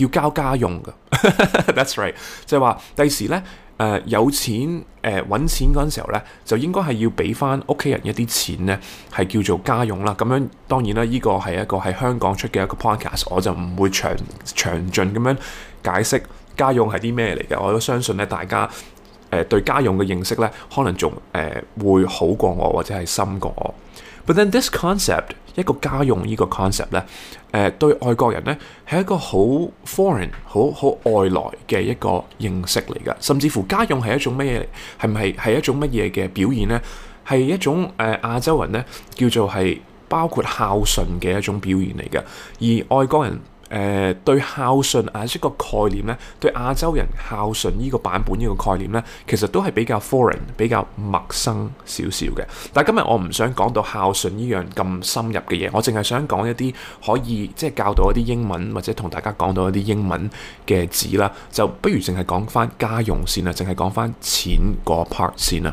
要交家用㗎 ，That's right，即係話第時咧，誒、呃、有錢誒揾、呃、錢嗰陣時候咧，就應該係要俾翻屋企人一啲錢咧，係叫做家用啦。咁樣當然啦，呢、這個係一個喺香港出嘅一個 podcast，我就唔會詳詳盡咁樣解釋家用係啲咩嚟嘅。我都相信咧，大家誒、呃、對家用嘅認識咧，可能仲誒、呃、會好過我或者係深過我。But then this concept，一個家用呢個 concept 咧、呃，誒對外國人咧係一個好 foreign 很、好好外來嘅一個認識嚟㗎。甚至乎家用係一種乜嘢嚟？係唔係係一種乜嘢嘅表現咧？係一種誒、呃、亞洲人咧叫做係包括孝順嘅一種表現嚟㗎。而外國人。誒、呃、對孝順啊，一個概念呢，對亞洲人孝順呢個版本呢個概念呢，其實都係比較 foreign、比較陌生少少嘅。但係今日我唔想講到孝順呢樣咁深入嘅嘢，我淨係想講一啲可以即係教到一啲英文，或者同大家講到一啲英文嘅字啦，就不如淨係講翻家用先啊，淨係講翻錢嗰 part 先啊。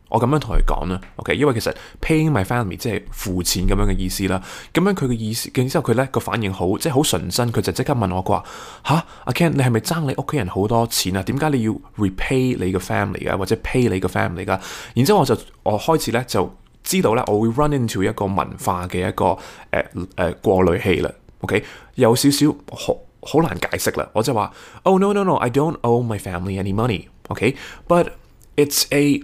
我咁樣同佢講啦，OK，因為其實 paying my family 即係付錢咁樣嘅意思啦。咁樣佢嘅意思，然之後佢咧個反應好，即係好純真，佢就即刻問我，佢話嚇，阿 Ken 你係咪爭你屋企人好多錢啊？點解你要 repay 你個 family 啊？或者 pay 你個 family 噶、啊？然之後我就我開始咧就知道咧，我會 run into 一個文化嘅一個誒誒、uh, uh, 過濾器啦。OK，有少少好好難解釋啦。我就話，Oh no no no，I don't owe my family any money。OK，but、okay? it's a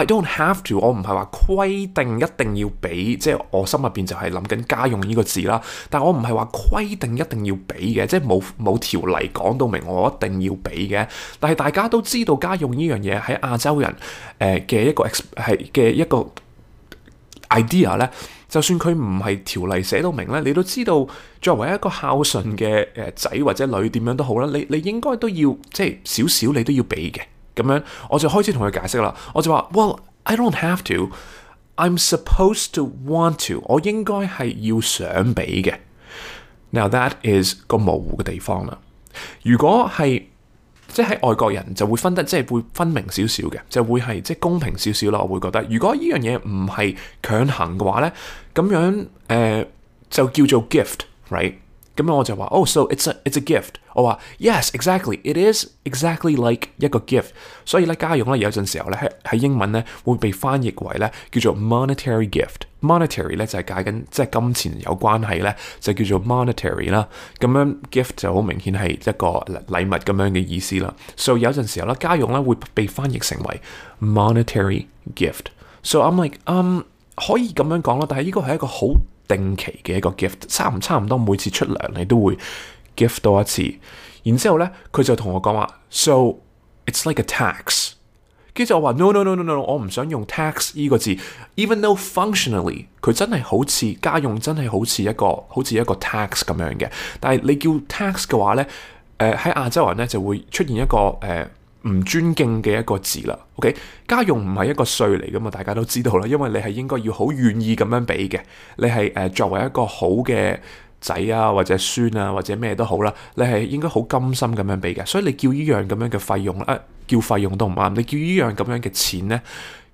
I don't have to，我唔係話規定一定要俾，即係我心入邊就係諗緊家用呢個字啦。但我唔係話規定一定要俾嘅，即係冇冇條例講到明我一定要俾嘅。但係大家都知道家用呢樣嘢喺亞洲人嘅、呃、一個係嘅一個 idea 咧，就算佢唔係條例寫到明咧，你都知道作為一個孝順嘅誒仔或者女點樣都好啦，你你應該都要即係少少你都要俾嘅。咁樣，我就開始同佢解釋啦。我就話：Well, I don't have to. I'm supposed to want to。我應該係要想俾嘅。Now that is 個模糊嘅地方啦。如果係即係喺外國人就會分得即係會分明少少嘅，就會係即係公平少少啦。我會覺得，如果呢樣嘢唔係強行嘅話咧，咁樣誒、呃、就叫做 gift, right? 咁樣我就話，oh so it's a it's a gift。我話，yes exactly it is exactly like 一個 gift。所以咧家用咧有陣時候咧喺喺英文咧會被翻譯為咧叫做 monetary gift。monetary 咧就係解緊即係金錢有關係咧，就叫做 monetary 啦。咁樣 gift 就好明顯係一個禮物咁樣嘅意思啦。所以有陣時候咧家用咧會被翻譯成為 monetary gift。所以 I'm like um 可以咁樣講啦，但係呢個係一個好。定期嘅一個 gift，差唔差唔多每次出糧你都會 gift 多一次。然之後呢，佢就同我講話，so it's like a tax。跟住我話，no no no no no, no, no, no 我唔想用 tax 呢個字。Even though functionally，佢真係好似家用真係好似一個好似一個 tax 咁樣嘅。但係你叫 tax 嘅話呢，誒喺亞洲人呢就會出現一個誒，呃唔尊敬嘅一個字啦，OK？家用唔係一個稅嚟㗎嘛，大家都知道啦，因為你係應該要好願意咁樣俾嘅，你係誒、呃、作為一個好嘅仔啊，或者孫啊，或者咩都好啦，你係應該好甘心咁樣俾嘅，所以你叫依樣咁樣嘅費用咧、啊，叫費用都唔啱，你叫依樣咁樣嘅錢咧。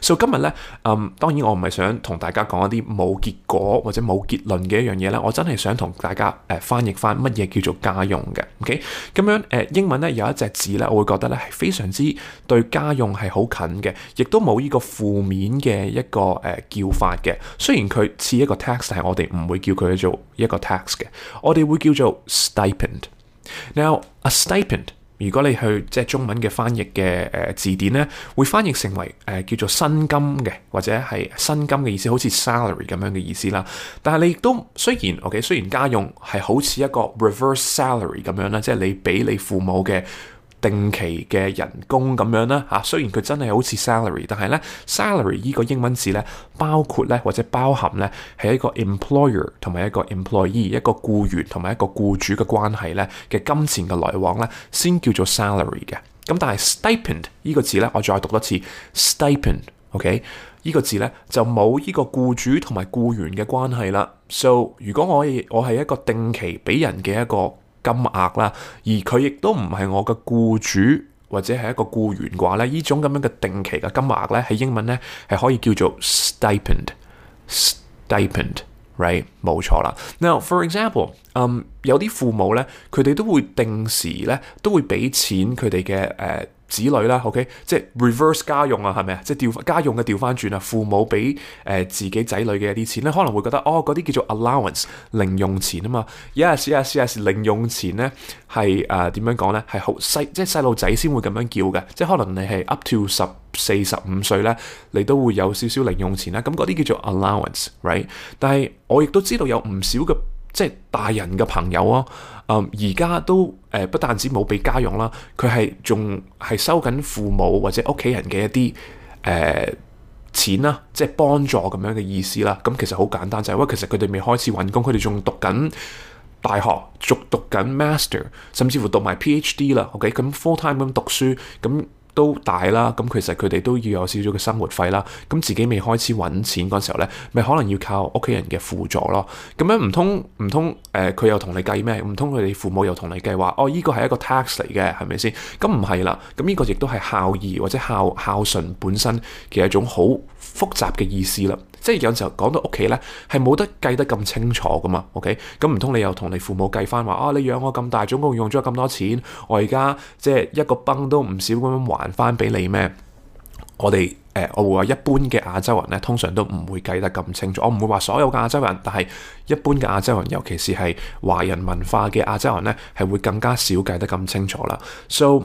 So，今日呢，嗯，當然我唔係想同大家講一啲冇結果或者冇結論嘅一樣嘢咧，我真係想同大家誒、呃、翻譯返乜嘢叫做家用嘅，OK？咁樣誒、呃、英文呢有一隻字呢，我會覺得呢係非常之對家用係好近嘅，亦都冇呢個負面嘅一個誒叫法嘅。雖然佢似一個 tax，但係我哋唔會叫佢做一個 tax 嘅，我哋會叫做 stipend。Now a stipend. 如果你去即係中文嘅翻譯嘅誒、呃、字典咧，會翻譯成為誒、呃、叫做薪金嘅，或者係薪金嘅意思，好似 salary 咁樣嘅意思啦。但係你亦都雖然，OK，雖然家用係好似一個 reverse salary 咁樣啦，即係你俾你父母嘅。定期嘅人工咁樣啦，嚇，啊，雖然佢真係好似 salary，但係咧 salary 呢個英文字咧，包括咧或者包含咧係一個 employer 同埋一個 employee，一個僱員同埋一個僱主嘅關係咧嘅金錢嘅來往咧，先叫做 salary 嘅。咁但係 stipend 呢個字咧，我再讀多次 stipend，OK，okay？呢個字咧就冇呢個僱主同埋僱員嘅關係啦。So，如果以我我係一個定期俾人嘅一個。金額啦，而佢亦都唔係我嘅僱主或者係一個僱員嘅話咧，呢種咁樣嘅定期嘅金額咧，喺英文咧係可以叫做 stipend，stipend，right，冇錯啦。Now，for example，um, 有啲父母咧，佢哋都會定時咧都會畀錢佢哋嘅誒。Uh, 子女啦，OK，即係 reverse 家用啊，係咪啊？即係調家用嘅調翻轉啊，父母俾誒、呃、自己仔女嘅一啲錢咧，可能會覺得哦，嗰啲叫做 allowance 零用錢啊嘛。而家試下試下，零用錢咧係誒點樣講咧？係好細，即係細路仔先會咁樣叫嘅。即係可能你係 up to 十四十五歲咧，你都會有少少零用錢啦。咁嗰啲叫做 allowance，right？但係我亦都知道有唔少嘅。即係大人嘅朋友啊，而、嗯、家都誒、呃、不但止冇俾家用啦，佢係仲係收緊父母或者屋企人嘅一啲誒、呃、錢啦，即係幫助咁樣嘅意思啦。咁、嗯、其實好簡單，就係、是、喂，其實佢哋未開始揾工，佢哋仲讀緊大學，仲讀緊 Master，甚至乎讀埋 PhD 啦。OK，咁 full time 咁讀書咁。嗯都大啦，咁其實佢哋都要有少少嘅生活費啦，咁自己未開始揾錢嗰時候咧，咪可能要靠屋企人嘅輔助咯。咁樣唔通唔通誒，佢、呃、又同你計咩？唔通佢哋父母又同你計話哦？呢個係一個 tax 嚟嘅，係咪先？咁唔係啦，咁呢個亦都係孝義或者孝孝順本身，其實係一種好複雜嘅意思啦，即係有時候講到屋企呢，係冇得計得咁清楚㗎嘛，OK？咁唔通你又同你父母計翻話啊？你養我咁大，總共用咗咁多錢，我而家即係一個崩都唔少咁樣還翻俾你咩？我哋誒、呃，我會話一般嘅亞洲人呢，通常都唔會計得咁清楚。我唔會話所有嘅亞洲人，但係一般嘅亞洲人，尤其是係華人文化嘅亞洲人呢，係會更加少計得咁清楚啦。So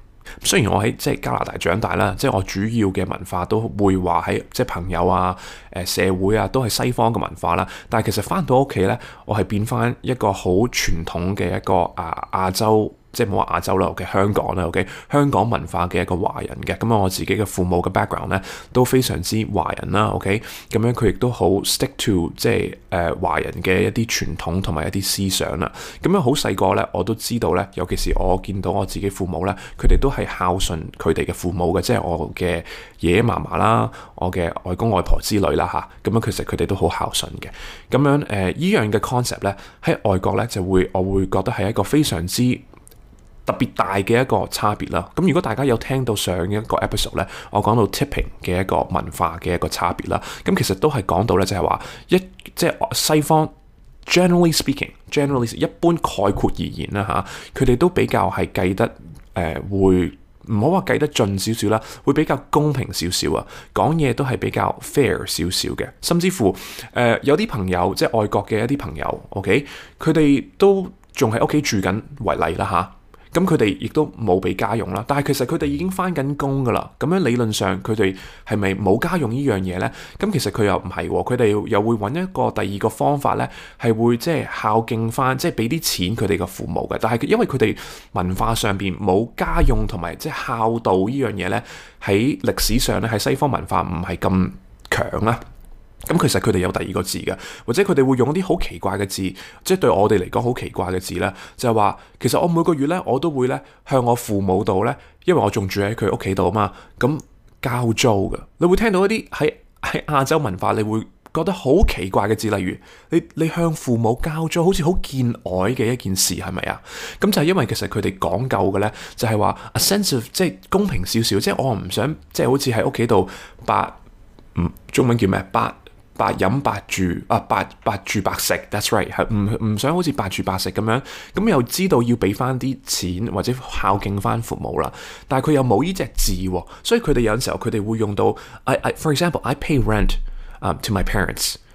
雖然我喺即係加拿大長大啦，即係我主要嘅文化都會話喺即係朋友啊、誒、呃、社會啊都係西方嘅文化啦，但係其實返到屋企咧，我係變返一個好傳統嘅一個啊亞洲。即係冇話亞洲啦，嘅、okay, 香港啦，OK，香港文化嘅一個華人嘅，咁樣我自己嘅父母嘅 background 咧都非常之華人啦，OK，咁樣佢亦都好 stick to 即係誒、呃、華人嘅一啲傳統同埋一啲思想啦。咁樣好細個咧，我都知道咧，尤其是我見到我自己父母咧，佢哋都係孝順佢哋嘅父母嘅，即係我嘅爺爺嫲嫲啦，我嘅外公外婆之類啦吓，咁、啊、樣其實佢哋都好孝順嘅。咁樣誒依、呃、樣嘅 concept 咧喺外國咧就會我會覺得係一個非常之～特別大嘅一個差別啦。咁如果大家有聽到上一個 episode 咧，我講到 tipping 嘅一個文化嘅一個差別啦。咁其實都係講到咧，就係話一即係西方 generally speaking，generally speaking，一般概括而言啦。吓，佢哋都比較係計得誒、呃，會唔好話計得盡少少啦，會比較公平少少啊。講嘢都係比較 fair 少少嘅，甚至乎誒、呃、有啲朋友即係、就是、外國嘅一啲朋友，OK，佢哋都仲喺屋企住緊為例啦。吓、啊。咁佢哋亦都冇俾家用啦，但係其實佢哋已經翻緊工噶啦。咁樣理論上佢哋係咪冇家用呢樣嘢咧？咁其實佢又唔係喎，佢哋又會揾一個第二個方法咧，係會即係孝敬翻，即係俾啲錢佢哋嘅父母嘅。但係因為佢哋文化上邊冇家用同埋即係孝道呢樣嘢咧，喺歷史上咧，喺西方文化唔係咁強啦。咁其實佢哋有第二個字嘅，或者佢哋會用一啲好奇怪嘅字，即係對我哋嚟講好奇怪嘅字咧，就係話其實我每個月咧我都會咧向我父母度咧，因為我仲住喺佢屋企度啊嘛，咁交租嘅。你會聽到一啲喺喺亞洲文化，你會覺得好奇怪嘅字，例如你你向父母交租好似好見外嘅一件事係咪啊？咁，嗯，就係因為其實佢哋講究嘅咧，就係話 a sense of 即係公平少少，即係我唔想即係好似喺屋企度八唔中文叫咩八？白飲白住啊，白白住白食。That's right，係唔唔想好似白住白食咁樣咁、嗯嗯、又知道要畀翻啲錢或者孝敬翻父母啦。但係佢又冇呢隻字喎，所以佢哋有陣時候佢哋會用到 I, I, for example I pay rent、um, to my parents。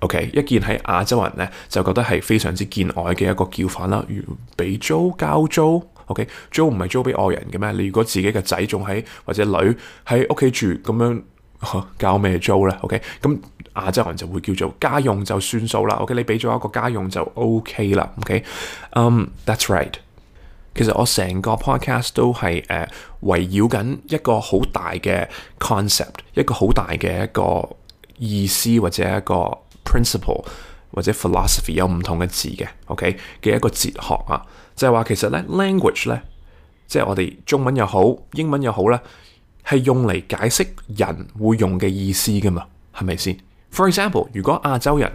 OK，一件喺亞洲人咧就覺得係非常之見外嘅一個叫法啦。如俾租交租，OK，租唔係租俾外人嘅咩？你如果自己嘅仔仲喺或者女喺屋企住咁樣，交咩租咧？OK，咁、嗯、亞洲人就會叫做家用就算數啦。OK，你俾咗一個家用就 OK 啦。OK，That's right。其實我成個 podcast 都係誒、uh, 圍繞緊一個好大嘅 concept，一個好大嘅一個意思或者一個。principle 或者 philosophy 有唔同嘅字嘅 OK 嘅，一個哲學啊，就係、是、話其實咧 language 咧即係我哋中文又好英文又好啦，係用嚟解釋人會用嘅意思㗎嘛，係咪先？For example，如果亞洲人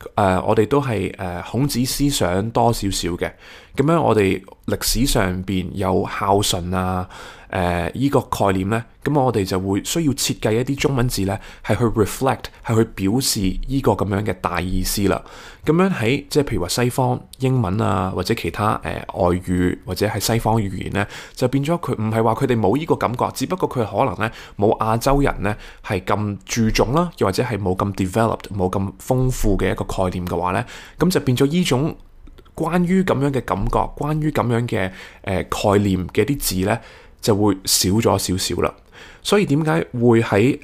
誒、呃、我哋都係誒、呃、孔子思想多少少嘅咁樣我哋歷史上邊有孝順啊，誒、呃、依、這個概念咧，咁我哋就會需要設計一啲中文字咧，係去 reflect，係去表示依個咁樣嘅大意思啦。咁樣喺即係譬如話西方英文啊，或者其他誒、呃、外語或者係西方語言咧，就變咗佢唔係話佢哋冇依個感覺，只不過佢可能咧冇亞洲人咧係咁注重啦、啊，又或者係冇咁 developed，冇咁豐富嘅一個概念嘅話咧，咁就變咗依種。關於咁樣嘅感覺，關於咁樣嘅誒、呃、概念嘅啲字咧，就會少咗少少啦。所以點解會喺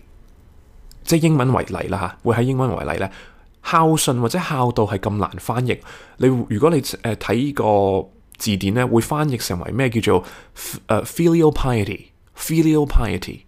即係英文為例啦嚇？會喺英文為例咧，孝順或者孝道係咁難翻譯。你如果你誒睇、呃、個字典咧，會翻譯成為咩叫做誒 filial piety，filial piety。 uh,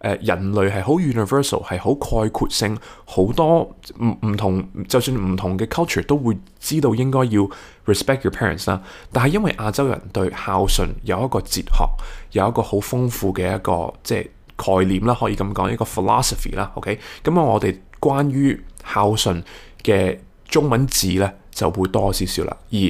誒，人類係好 universal，係好概括性，好多唔、唔同，就算唔同嘅 culture 都會知道應該要 respect your parents 啦。但係因為亞洲人對孝順有一個哲學，有一個好豐富嘅一個即係概念啦，可以咁講一個 philosophy 啦。OK，咁啊，我哋關於孝順嘅中文字呢，就會多少少啦，而。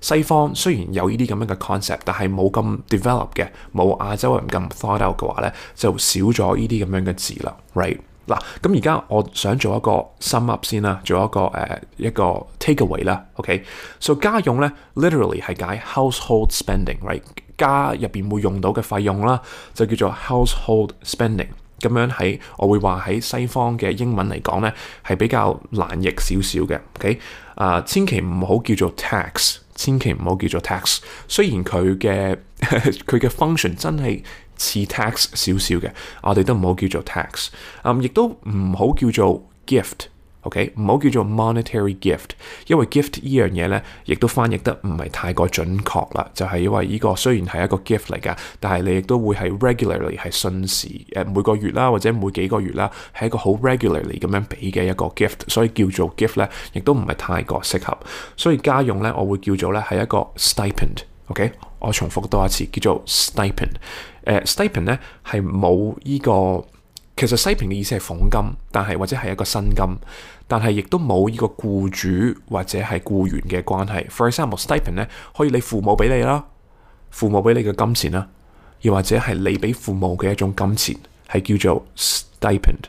西方雖然有依啲咁樣嘅 concept，但係冇咁 develop 嘅，冇亞洲人咁 thought out 嘅話咧，就少咗依啲咁樣嘅字啦，right？嗱，咁而家我想做一個 sum up 先啦，做一個誒一個 take away 啦，OK？so 家用咧 literally 係解 household spending，right？家入邊會用到嘅費用啦，就叫做 household spending。咁樣喺我會話喺西方嘅英文嚟講咧，係比較難譯少少嘅，OK？啊，千祈唔好叫做 tax。千祈唔好叫做 tax，雖然佢嘅佢嘅 function 真係似 tax 少少嘅，我哋都唔好叫做 tax，亦、嗯、都唔好叫做 gift。OK，唔好叫做 monetary gift，因為 gift 呢樣嘢呢，亦都翻譯得唔係太過準確啦。就係、是、因為呢個雖然係一個 gift 嚟㗎，但係你亦都會係 regularly 係順時誒、呃、每個月啦，或者每幾個月啦，係一個好 regularly 咁樣俾嘅一個 gift，所以叫做 gift 呢，亦都唔係太過適合。所以家用呢，我會叫做呢係一個 stipend。OK，我重複多一次，叫做 stipend。誒、uh, stipend 呢，係冇呢個。其實 stipend 嘅意思係俸金，但係或者係一個薪金，但係亦都冇呢個雇主或者係雇員嘅關係。For example，stipend 咧可以你父母俾你啦，父母俾你嘅金錢啦，又或者係你俾父母嘅一種金錢，係叫做 stipend。